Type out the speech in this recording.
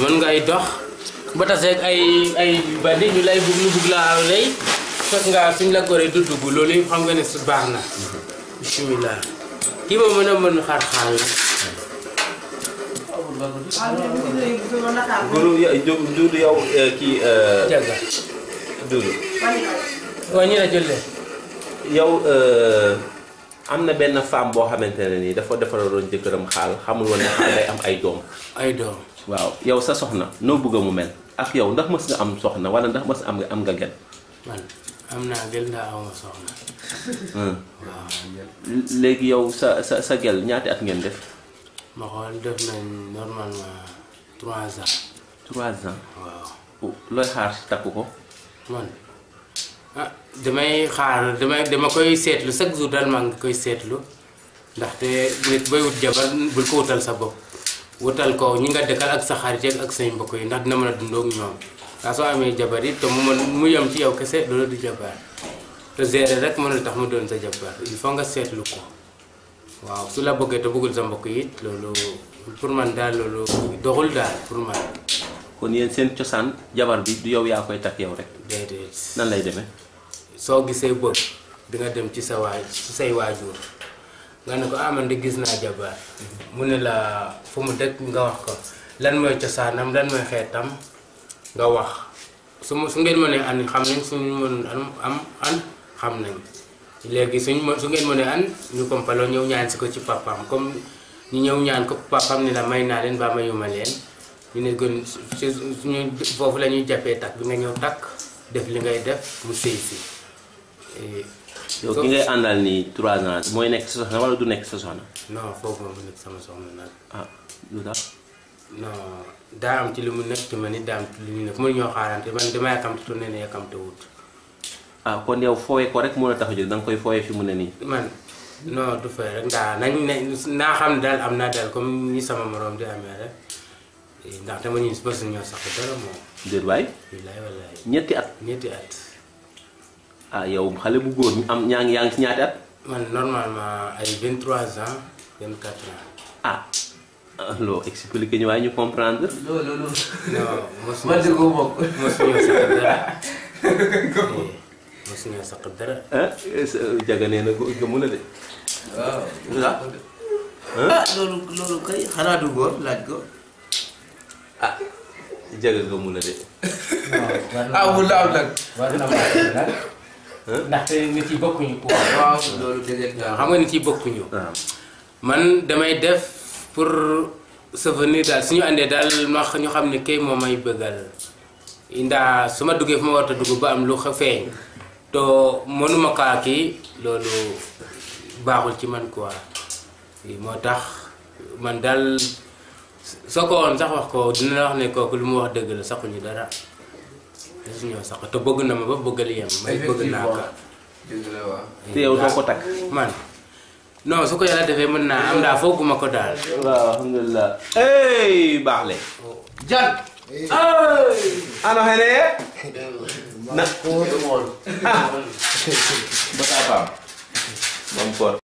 mën ngay dox ba ay ay bandi ñu lay bugg ñu bugg laa lay fekk nga suñ la goree du bu loolu yëpp xam nga ne su baax na bisimilah kii moom mën a mën xar-xaal la guru duudu yow eh, kii eh, ñu la jëlle yow eh, am na benn femme boo xamante ne nii dafa defaroon jëkkëram xaal xamul woon xaal day am ay doom ay doom waaw yow sa soxna noo bëgg mu mel ak yow ndax mës nga am soxna wala ndax mës am nga am nga gel. Hmm. léegi yow sa sa sa gel ñaati at ngeen def. ma xool def nañ normalement trois ans. trois ans. waaw looy xaar takku ko. man ah, damay xaar damay dama koy seetlu chaque jour daal maa ngi koy seetlu ndaxte nit bay wut jabar bul ko wutal sa bopp. wutal ko ñi nga dëkkal ak sa xarit yeeg ak say mbokk yi ndax dina mën a dundoo ak ñoom ndax soo amee jabar it te mu mën mu yem ci yow kese loolu du jabar te gérer rek mënul tax mu doon sa jabar nga seetlu ko su la bëggee te bëggul sa mbokk yi loolu man daal loolu doxul pour man. seen cosaan jabar bi du yow yaa koy takk yow rek. déedéet nan lay demee. soo gisee bëgg di dem ci sa waay ci waajur. nga ne ko ah man de gis naa jabar mu ne la fu mu dëkk nga wax ko lan mooy cosaanam lan mooy xeetam nga wax su su ngeen mënee an xam nañ suñ mën am an xam nañ léegi suñ su ngeen mënee an ñu kompaloo ñëw ñaan si ko ci papaam comme ñu ñëw ñaan ko papaam ni la may naa leen ba mayuma leen ñu ne gën suñu foofu la ñuy jàppee bi nga ñëw takk def li ngay def mu sëy si yow ki ngay àndal nii trois ans mooy nekk sa soxna wala du nekk sa soxna. non foofu moom du nekk sama soxna nag. ah lu tax. non daa am ci li mu nekk ci man daa am ci li mu nekk mënuñoo xaarante man dama yàkkamti tourné ne yàkkamte wut. ah kon yow fooyee ko rek moo la tax a jóg da koy fooyee fi mu ne nii. man non du fay rek ndaa naa xam ne daal am naa daal comme ni sama morom di amee rek. ndax dama ñu bës ñoo sax dara moom. déet wallaay wallaay ñetti at ñetti at. ah yow xale bu góor ñu am ñaa ngi yaa ngi si ñaati at. man normalement ay 23 ans 24 ans. ah, ah loo expliqué ñu waaye ñu comprendre. non non non. non man de koo eh, ah eh, eh, jaga nee de. ah loolu loolu kay xanaa du góor laaj ko. ah jaga gëmu na ndaxte nit yi bokkuñu ko waaw loolu dëgg la xam nit yi bokkuñu. Ah. man damay def pour souvenir daal suñu àndee daal ma ñu xam ne kay moo may bëggal ndax suma duggee fu ma war a dugg ba am lu xa feeñ to mënuma kaa ki loolu baaxul ci man quoi moo tax man daal soo ko woon sax wax ko dina la wax ne kooku lu mu wax dëgg la saxuñu dara. gis ñoo sax te bëgg na ma ba bëggal yem may man non su ko yàlla defee mën naa am daa fooguma hey baax le jan ano xene